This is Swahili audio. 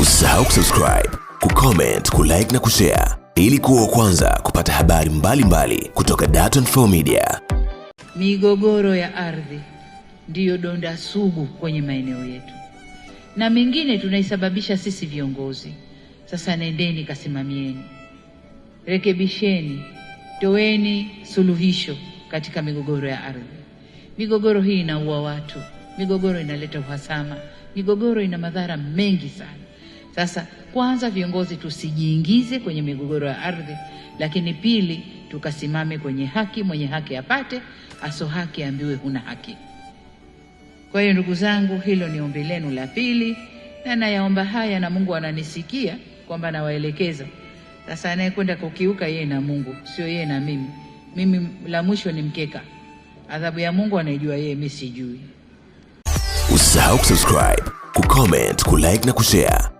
Usisahau kusubscribe, kucomment, kulike na kushare ili kuwa kwanza kupata habari mbalimbali mbali kutoka Dar24 Media. Migogoro ya ardhi ndiyo donda sugu kwenye maeneo yetu, na mingine tunaisababisha sisi viongozi. Sasa nendeni kasimamieni, rekebisheni, toweni suluhisho katika migogoro ya ardhi. Migogoro hii inaua watu, migogoro inaleta uhasama, migogoro ina madhara mengi sana. Sasa kwanza, viongozi tusijiingize kwenye migogoro ya ardhi, lakini pili, tukasimame kwenye haki. Mwenye haki apate, aso haki ambiwe huna haki. Kwa hiyo ndugu zangu, hilo ni ombi lenu la pili, na nayaomba haya na Mungu ananisikia kwamba nawaelekeza. Sasa anayekwenda kukiuka yeye na Mungu, sio yeye na mimi. Mimi la mwisho ni mkeka. Adhabu ya Mungu anaijua yeye, mimi sijui. Usisahau kusubscribe, kucomment, kulike na kushare